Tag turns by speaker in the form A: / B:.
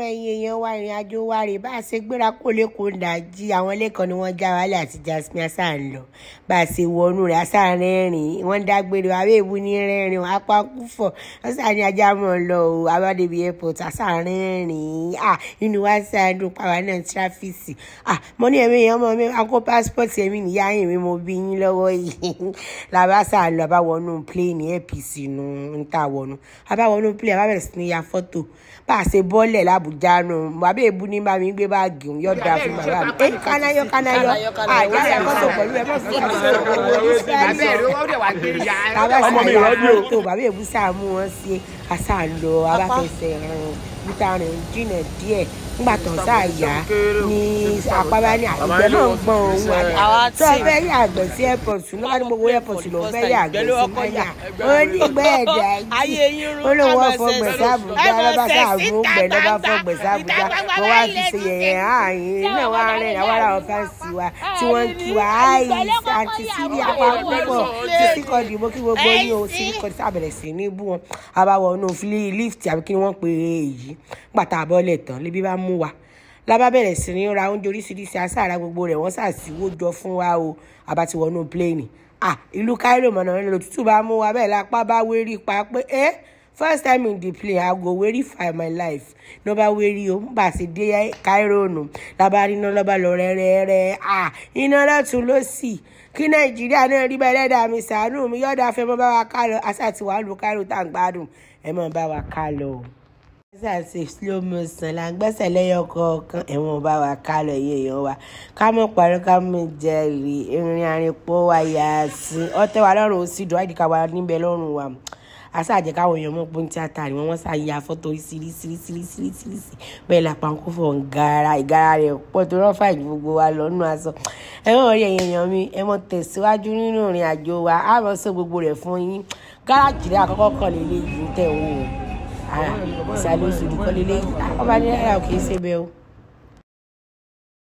A: káwọn ẹyin èèyàn wa ìrìn àjò wa rè bá a ṣe gbéra kó lẹ́kọ̀ọ́ ńdàjì àwọn lẹ́kọ̀ọ́ ni wọ́n já wálé àti Jasmine asá ń lọ bá a ṣe wọnú rẹ̀ asá rẹ́rìn wọ́n ń dágbére wa abéèbú ní rẹ́rìn wọn apá kú fọ̀ wọ́n sà ní ajá mọ̀ lọ o abádébí airport asá rẹ́rìn à nínú wa sá ń dùn pàwọn náà tírafíìsì à mọ ní ẹ̀mí èèyàn mọ̀ mi akó pásítọ̀tì ẹ̀mí nìyá èmi mo bí yín lọ́wọ́ yìí làbáṣà lọ àbáwọnú pléènì APC nù ń tà wọnú àbáwọnú pléènì àbábẹ̀rẹ̀ sí ní ya fọ́tò àbújá nù bàbá èbú ní bá mi gbé báàgì òun yóò dáa fún bàbá mi. ẹ kánáyọ kánáyọ àyà àkọsọ pẹ̀lú ẹ mọ̀sí ọmọ mi ìrọ́jú o. bàbá èbú sàmú wọn sí i a sá lọ a bá níta rìn jìnnà díẹ̀ nígbà tó sá yá ní apábá ní àgbẹ̀ náà ń gbọ́n òun àdá tó fẹ́ yà àgbẹ̀ sí airport náà ní gbogbo airport ló fẹ́ yà àgbẹ̀ sí náírà ó ní gbẹ́ ẹ̀dá yìí ó lè wọ́n fọ gbèsè àbújá lọ́ba sá àbú lọ́ba fọ gbèsè àbújá mo wá fi ṣe yẹ̀yẹ̀ ààyè náà wá rẹ̀ àwa ra ọ̀fà sí wa tí wọ́n ń kí wa wọnú lift àbí kí ni wọ́n pe èyí pàtà àbọ̀lẹ̀ tán lébi bá mú wa lábá bẹ̀rẹ̀ sí ní ra oúnjẹ oríṣiríṣi asára gbogbo rẹ̀ wọ́n sàṣìwò jọ fún wa o àbá ti wọnú pléènì ah ìlú Cairo mọ̀nà rẹ̀ lòtútù bá mú wa bẹ́ẹ̀ lápá bá wérí pa pé ẹ́ eh? first time in the play i go wery fine my life ló bá werí o bá sì dé cairo lábá rí iná lọ́ba lọ rẹ́rẹ́rẹ́ à iná lọ́tún ló sì kí nàìjíríà náà rí bẹ́ẹ̀ lẹ́dàá mi ṣàánú mi yọ̀dà fẹ́ mọ́ bá wa ká lọ àṣà tí wàá lu cairo tá à ń gbádùn ẹ mọ́ bá wa ká lọ. ẹ̀sà ṣe slow motion là ń gbẹ́sẹ̀ lẹ́yọ kọ̀ọ̀kan ẹ̀wọ̀n bá wa ká lọ iye èèyàn wa ká mọ̀ pàrọ̀ ká mọ̀ jẹ̀rì ìrìn àrìnpọ̀ wa yà sí ọ̀tẹ̀ wa lọ́rùn ó sì dùn àìdíkà wa níbẹ̀ lọ́rùn wa aṣáàjẹ́ káwọn èèyàn mọ̀ pé ń tíátà ni wọ́n wọ́n ṣáà ya fọ́tò sírísírísírísírísí bẹ́ẹ̀ la pàǹkó fọ̀ ń gara ìgara rẹ̀ pọ̀ tó rọ́fà ìjì gbogbo wa lọ́nù aṣọ ẹ mọ̀ rí ẹ̀yìn èèyàn mi ẹ mọ̀ tẹ̀síwájú nínú ìrìn àjò wa á mọ̀ sọ gbogbo rẹ̀ fún yín gáràjì rẹ̀ àkọ́kọ́ kàn lélẹ́yìí ń tẹ̀ wò ó ìsàlẹ̀ oṣù